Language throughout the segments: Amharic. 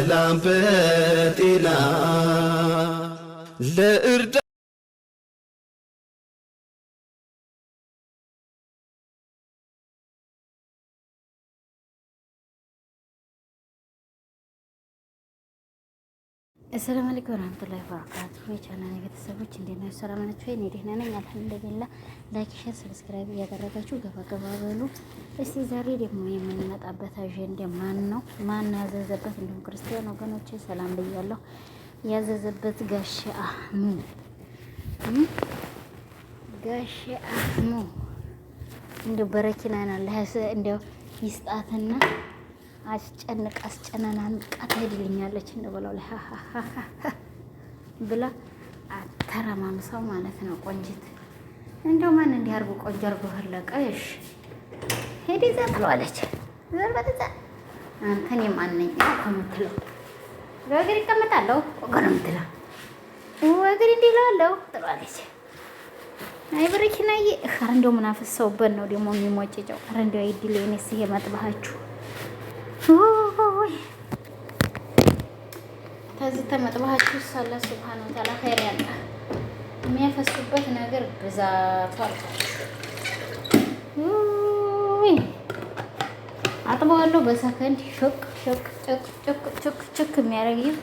በሰላም በጤና ለእርዳ አሰላም አለይኩም ወራህመቱላሂ ወበረካቱሁ የቻናል ቤተሰቦች እንዴት ናችሁ? ሰላም ናችሁ ወይ? እኔ ደህና ነኝ አልሐምዱሊላህ። ላይክ፣ ሼር፣ ሰብስክራይብ እያደረጋችሁ ገባ ገባ በሉ። እስቲ ዛሬ ደግሞ የምንመጣበት አጀንዳ ማን ነው ማን ያዘዘበት? እንዲሁም ክርስቲያን ወገኖች ሰላም ብያለሁ። ያዘዘበት ጋሼ አህሙ ጋሼ አህሙ እንደው በረኪናና ለሐሰ እንደው ይስጣትና አስጨንቅ አስጨነን አንቃ ትሄድልኛለች እንደበለው ላይ ብላ አተረማምሰው ማለት ነው። ቆንጅት እንደው ማን እንዲህ አርጎ ቆንጆ አድርጎ ህለቀ እሺ ሄድ ይዛ ትለዋለች። ዘርበዛ አንተን የማነኛ ከምትለው በእግር ይቀመጣለሁ ቆገር ምትለው ወግር እንዲህ እለዋለሁ ትለዋለች። አይ ብርኪናዬ ኧረ እንደው ምናፍስ ሰውበት ነው ደግሞ የሚሞጭጨው። ኧረ እንደው አይድል የኔስ ይሄ መጥባሃችሁ ተዝ ተመጥባችሁ ሳላ ስብሃነ ወተዓላ ኸይር ያለ የሚያፈሱበት ነገር አጥበዋለሁ በሰከንድ የሚያደርግ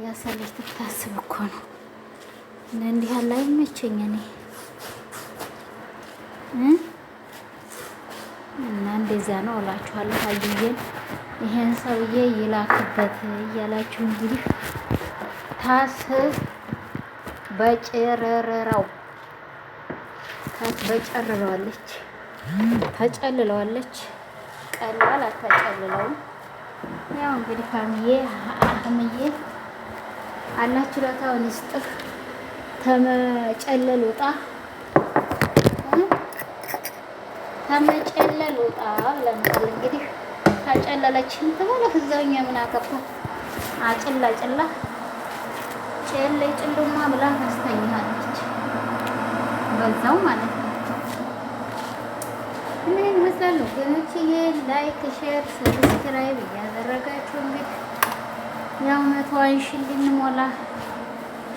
የራሳችሁ ትታስብ እኮ ነው። እንዲህ ያለ አይመቸኝ እኔ እና እንደዚያ ነው እላችኋለሁ። አዩዬን ይሄን ሰውዬ ይላክበት እያላችሁ እንግዲህ ታስ በጨረረው ታስ በጨርረዋለች፣ ተጨልለዋለች። ቀላል አታጨልለውም። ያው እንግዲህ ፋሚዬ አህምዬ አላችሁ ለታውን ይስጥህ ተመጨለል ውጣ ከመጨለል ውጣ ብለናል። እንግዲህ ካጨለለችን ትበለህ እዛውኛ ምን አገባ አጭላ ጭላ ጭል ጭሉማ ብላ ታስተኛለች። በዛው ማለት ነው። ምን ይመስላል ወገኖች? ላይክ፣ ሼር፣ ሰብስክራይብ እያደረጋችሁ እንግዲህ ያው መተዋን ሺህ ልንሞላ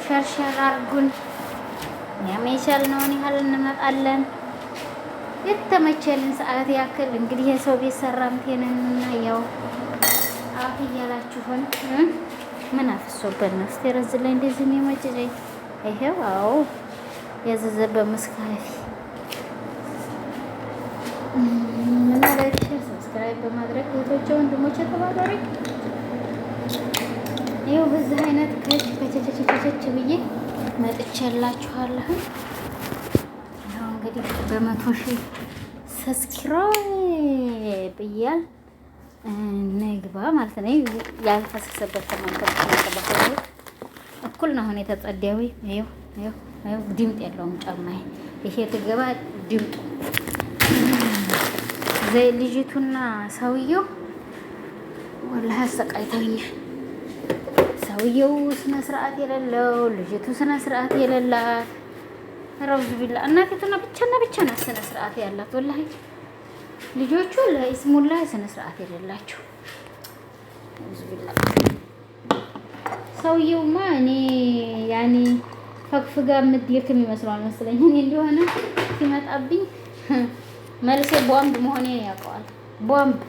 ሸርሸር አድርጉን። ያም የቻልነውን ያህል እንመጣለን። የተመቸልን ሰዓት ያክል እንግዲህ የሰው ቤት ሰራምቴንንና ያው አፍ እያላችሁን ምን አፍሶበት ነው እስቲ ረዝ ላይ እንደዚህ የሚመጭጨኝ ይሄው። አዎ ምን አለሽ? ሰብስክራይብ በማድረግ ወንድሞቼ ይኸው በዚህ አይነት ከች ከቸቸቸቸች ብዬ እንግዲህ በመቶ ሺህ ሰብስክራይብ እያል ንግባ ማለት ነው። ያልፈሰሰበት ተማንተባሁ እኩል ነው አሁን የተጸዳዊ ድምፅ የለውም ጫማ ይሄ ትገባ ድምጡ ዘይ ልጅቱና ሰውየው ወላሂ አሰቃይተውኛል። ሰውየው ስነ ስርዓት የሌለው ልጅቱ ስነ ስርዓት የሌላት ረውዝ ቢላ እናቴቱና ብቻና ብቻ ናት ስነ ስርዓት ያላት። ወላሂ ልጆቹ ለኢስሙላ ስነ ስርዓት የሌላቸው ረውዝ ቢላ። ሰውየውማ እኔ ያኔ ፈግፍጋ የምትልክም ይመስለዋል መሰለኝ። እኔ እንዲሆነ ሲመጣብኝ መልሴ ቦምብ መሆኔ ያውቀዋል። ቦምብ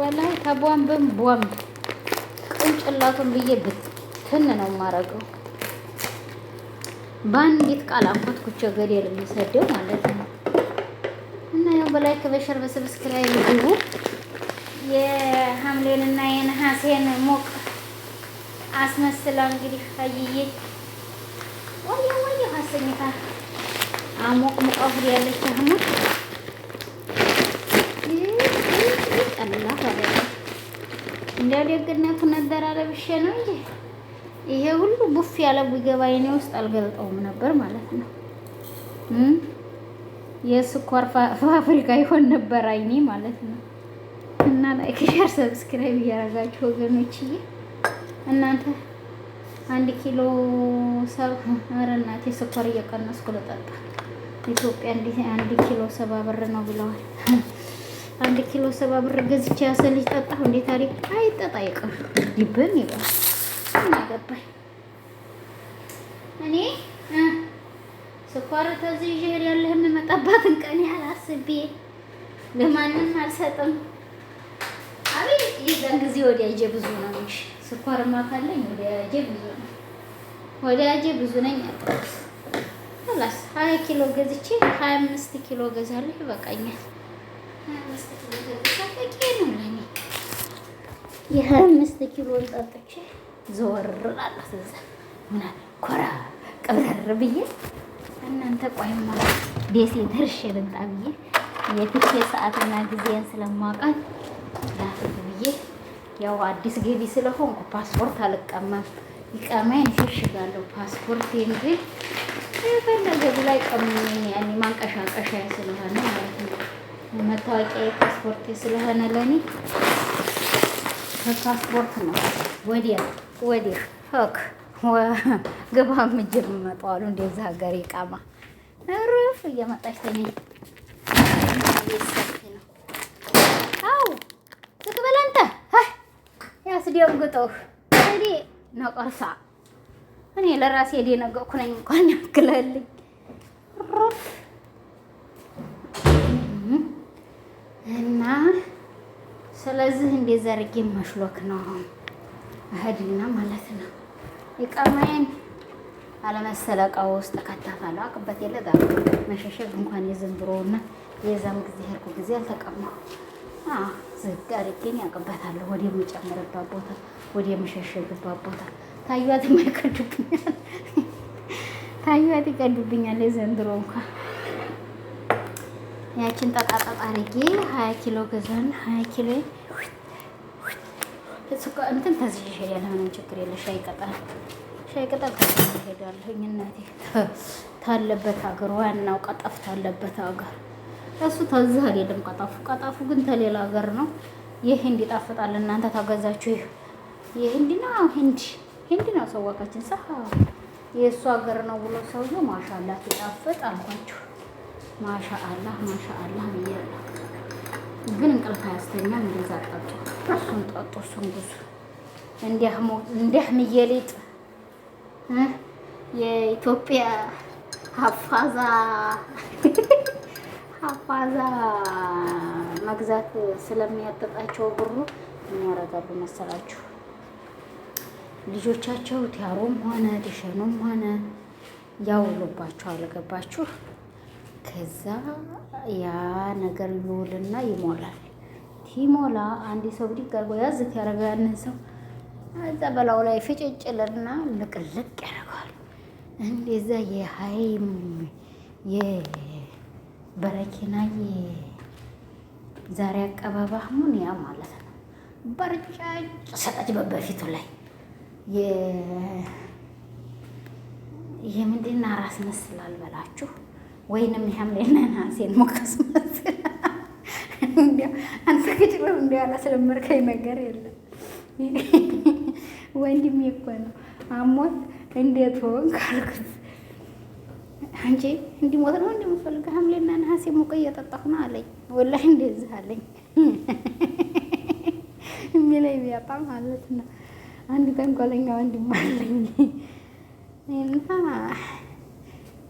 ወላሂ ከቦምብም ቦምብ ቁንጭላቱን ብዬ ብትን ነው የማደርገው። በአንዲት ቃል ኩቸ ገደል የሚሰደው ማለት ነው። እና ያው በላይክ በሸር በሰብስክራይብ ግቡ። እና የነሐሴን ሞቅ አስመስላ እንግዲህ አየዬ ወይ ወይ አሰኝታ አሞቅ ሙቀፍ ያለች አህሙ ይጠላ ማለት ነው። እንዲያው ደግነቱ ነበር አለብሼ ነው እንጂ ይሄ ሁሉ ቡፍ ያለ ቢገባ የኔ ውስጥ አልገልጠውም ነበር ማለት ነው። የስኳር ፋብሪካ ይሆን ነበር አይኔ ማለት ነው። እና ላይክ፣ ሼር፣ ሰብስክራይብ እያደረጋችሁ ወገኖችዬ እናንተ አንድ ኪሎ ሰብ ኧረ እናቴ ስኳር እየቀነስኩ ልጠጣ። ኢትዮጵያ እንዲህ አንድ ኪሎ ሰባ ብር ነው ብለዋል። አንድ ኪሎ ሰባ ብር ገዝቼ ያሰልጅ ጠጣሁ። እንዴ ታሪክ አይጠጣ ይቀር ይብን ይባል እሱም አገባኝ። እኔ ስኳር ተዚህ ይሄድ ያለህ የምመጣባትን ቀን ያህል አስቤ ለማንም አልሰጥም። አቤት የዛን ጊዜ ወዳጄ ብዙ ነው። እሺ ስኳርማ ካለኝ ወዳጄ ብዙ ነው። ወዳጄ ብዙ ነኝ። ላስ ሀያ ኪሎ ገዝቼ ሀያ አምስት ኪሎ ገዛለሁ። ይበቃኛል። ሀያ አምስት ኪሎ ገዝቼ ነው ለእኔ የሀያ አምስት ኪሎ ጠጥቼ ዞር እላለሁ። ምን ምና ኮራ ቀብረር ብዬ እናንተ ቆይማ ቤቴ ደርሼ ልምጣ ብዬ የትቼ ሰዓትና ጊዜን ስለማውቃት ላፍት ብዬ ያው አዲስ ገቢ ስለሆንኩ ፓስፖርት አልቀማም። ይቀማኝ ሽሽጋለሁ ፓስፖርት እንጂ የፈለገ ላይ ቀምኝ ያኔ ማንቀሻቀሻ ስለሆነ ማለት ነው። መታወቂያ ፓስፖርት ስለሆነ ለኔ ከፓስፖርት ነው ወዲያ ወዲህ ሆክ ግባ ምጅር መጠዋሉ አሉ። እንደዛ ሀገር ይቃማ ሩፍ እየመጣች ተኝ አው ዝቅ በል አንተ ያስደንግጠው እዲ ነቀርሳ እኔ ለራሴ የደነገጥኩ ነኝ። እንኳን ያክለልኝ ሩፍ እና ስለዚህ እንደዛ አድርጌ መሽሎክ ነው። እህድና ማለት ነው የቀማዬን አለመሰለ እቃ ውስጥ ከተፈላ አቅበት የለ መሸሸግ እንኳን የዘን የዛም ጊዜ ሄድኩ ጊዜ አልተቀማሁ ዝግ አድርጌን ያውቅበታለሁ። ወደ የምጨምርባት ቦታ ወደ የምሸሸግባት ቦታ ታዩት ይቀዱብኛል፣ ታዩት ይቀዱብኛል። የዘንድሮ እንኳን ያችን ጠጣጠጣ አድርጌ ሀያ ኪሎ ገዛን ሀያ ኪሎ እንትን ተዝዤ እሄዳለሁ። ምንም ችግር የለ። ሻይ ቅጠል ሻይ ቅጠል ተዝዤ እሄዳለሁኝ። እናቴ ታለበት ሀገር ዋናው ቀጠፍ ታለበት ሀገር እሱ ተዝህ አይደለም። ቀጠፉ ቀጠፉ ግን ተሌላ ሀገር ነው። ይህ ሂንድ ይጣፍጣል። እናንተ ታገዛችሁ። ይህ የሂንድ ነው። ሂንድ ሂንድ ነው። ሰዋቃችን ሰ የእሱ ሀገር ነው ብሎ ሰውዬው ማሻአላህ ይጣፍጥ አልኳችሁ። ማሻአላህ ማሻአላህ ብያለሁ። ግን እንቅልፍ አያስተኛም። እንደዛ ጠጡ፣ እሱን ጠጡ፣ እሱን ጉዙ እንዲህ ምየሌጥ የኢትዮጵያ ሀፋዛ ሀፋዛ መግዛት ስለሚያጠጣቸው ብሩ የሚያረጋሉ መሰላችሁ? ልጆቻቸው ቲያሮም ሆነ ዲሸኑም ሆነ ያውሉባቸው አልገባችሁ? ከዛ ያ ነገር ይውልና ይሞላል። ቲሞላ አንድ ሰው ብድግ አድርጎ ያዝት ያደረገው ያንን ሰው እዛ በላው ላይ ፍጭጭልና ልቅልቅ ያደርገዋል። እንደዛ የሀይም የበረኪና ዛሬ አቀባባህሙን ያ ማለት ነው። በርጫጭ ሰጠች በበፊቱ ላይ የምንድና ራስ መስላል በላችሁ ወይንም የሐምሌና ነሐሴን ሞከስ መስል አንተ ግጭሎ እንዲ ስለመርከኝ ነገር የለም። ወንድሜ እኮ ነው አሞት እንዴት ሆን ካልኩት አንቺ እንዲሞት ነው እንደምፈልገ ሐምሌና ነሐሴ ሞቀ እየጠጣሁ ነው አለኝ። ወላሂ እንደዚህ አለኝ የሚለኝ ቢያጣ ማለት ነው። አንድ ተንኮለኛ ወንድም አለኝ እና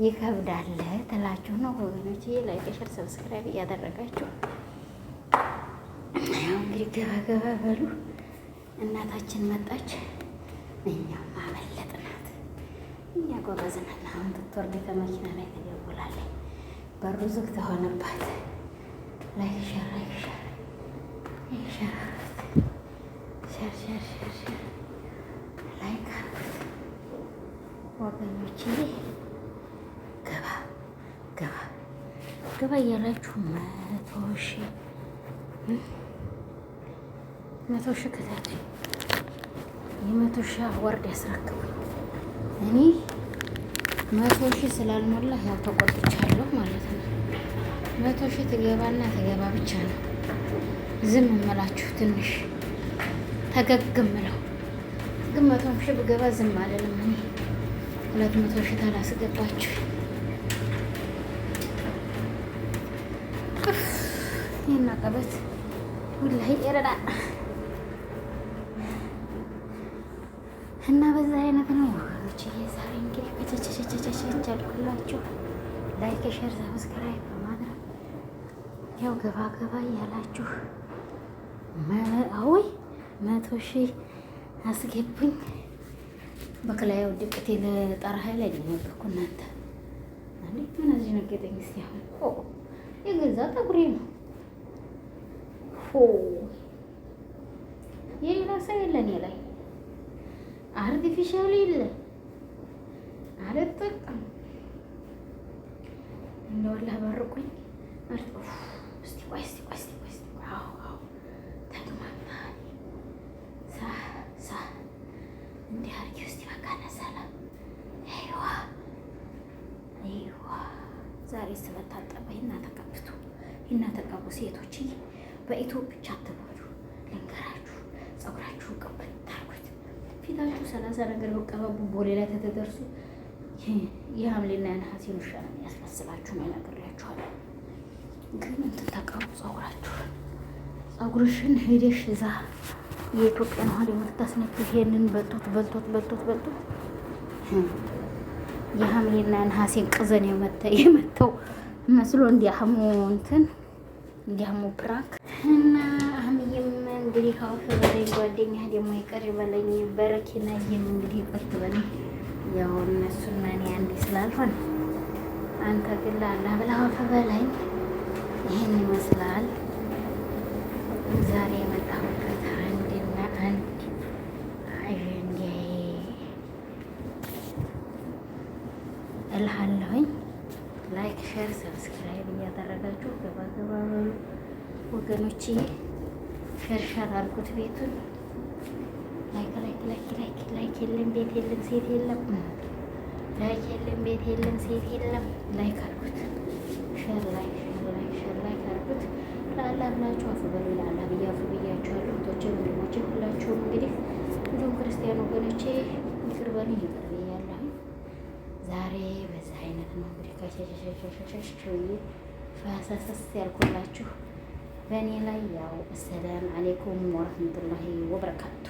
ይከብዳል ትላችሁ ነው ወገኖች። ላይክ፣ ሸር፣ ሰብስክራይብ እያደረጋችሁ ያው እንግዲህ ገባ ገባ በሉ። እናታችን መጣች፣ እኛም አመለጥናት። እኛ አሁን ላይ ትደውላለች። በሩ ላይክ፣ ሸር፣ ላይክ፣ ሸር ላይክ አርጉት ወገኖች። ገባ እያላችሁ መቶ ሺ መቶ ሺ ከታች የመቶ ሺ አዋርድ እኔ መቶ ሺ ስላልሞላ ያው ተቆጥቻለሁ ማለት ነው። መቶ ሺ ትገባና ትገባ ብቻ ነው ዝም እምላችሁ ትንሽ ፈገግ እምለው ግን መቶ ሺ ብገባ ዝም አልልም እኔ ሁለት መቶ ሺ ታላስገባችሁ ይሄን አቀበት ወላሂ ይረዳል እና በዛ አይነት ነው ወገኖች። የዛሬ እንግዲህ በቸቸቸቸቸች አልኩላችሁ። ላይክ፣ ሼር፣ ሰብስክራይብ በማድረግ ያው ገባ ገባ እያላችሁ አውይ መቶ ሺህ አስገቡኝ። በክላዩ ድቅቴ ለጠራህ ላይ ነበርኩ እናንተ እንዴት ምን እዚህ እስኪ አሁን የገዛ ጠጉሬ ነው የሌላ ሰው የለ እኔ ላይ አርቲፊሻል የለ አልጠቀም። እንደው አላህ እስቲ ቆይ እስቲ ቆይ እስቲ ቆይ እስቲ ቆይ። አዎ አዎ ተግማምታል። ሳ ሳ እንዲህ አድርጊው እስቲ በቃ ነሰላ። አይዋ አይዋ ዛሬ ስመታጠበ ይና ተቀብቱ ይና ተቀቡ ሴቶችዬ በኢትዮጵያ ብቻ አትበሉ። ልንገራችሁ፣ ፀጉራችሁን ቅበት ታርጉት። ፊታችሁ ሰላሳ ነገር በቀባቡ ቦሌ ላይ ተተደርሱ የሐምሌና የነሐሴ ውሻ ነው ያስመስላችሁ ነው ነግሬያችኋለሁ። ግን እንትን ተቀቡ ፀጉራችሁን። ፀጉርሽን ሄደሽ እዛ የኢትዮጵያን ውሃ የምትታስነት ይሄንን በልቶት በልቶት በልቶት በልቶት የሐምሌና ነሐሴን ቅዘን የመተው መስሎ እንዲያህሙ እንትን እንዲያህሙ ፕራንክ እና አህምዬም እንግዲህ ከውፍ በላይ ጓደኛ ደግሞ ይቅር በለኝ በረኪናዬም እንግዲህ ይቅር በለኝ። ያው እነሱና እኔ አንድ ስላልሆነ አንተ ግን ላላህ ብለህ አውፍ በለኝ። ይህን ይመስላል ዛሬ የመጣሁበት አንድና አንድ አጀንዳ እልሃለሁኝ። ላይክ፣ ሼር፣ ሰብስክራይብ እያደረጋችሁ ገባ ገባ ወገኖች ሸርሸር አልኩት ቤቱን። ላይክ ላይክ ላይክ ላይክ ላይክ የለም ቤት የለም ሴት የለም ላይክ የለም ቤት የለም ሴት የለም። ላይክ አልኩት ሸር ላይክ ላይክ ሸር ላይክ አልኩት። ለአላ ብላችሁ አፉ በሉ ለአላ ብዬ አፉ ብያችኋለሁ። እህቶቼ ወንድሞቼ፣ ሁላችሁም እንግዲህ እንዲሁም ክርስቲያን ወገኖቼ ይቅር በሉ ይቅር ብያለሁ። ዛሬ በዛ አይነት ነው እንግዲህ ከሸሸሸሸሸሽ ፈሰሰስ ያልኩላችሁ በእኔ ላይ ያው አሰላም አሌይኩም ወረህመቱላሂ ወበረካቱ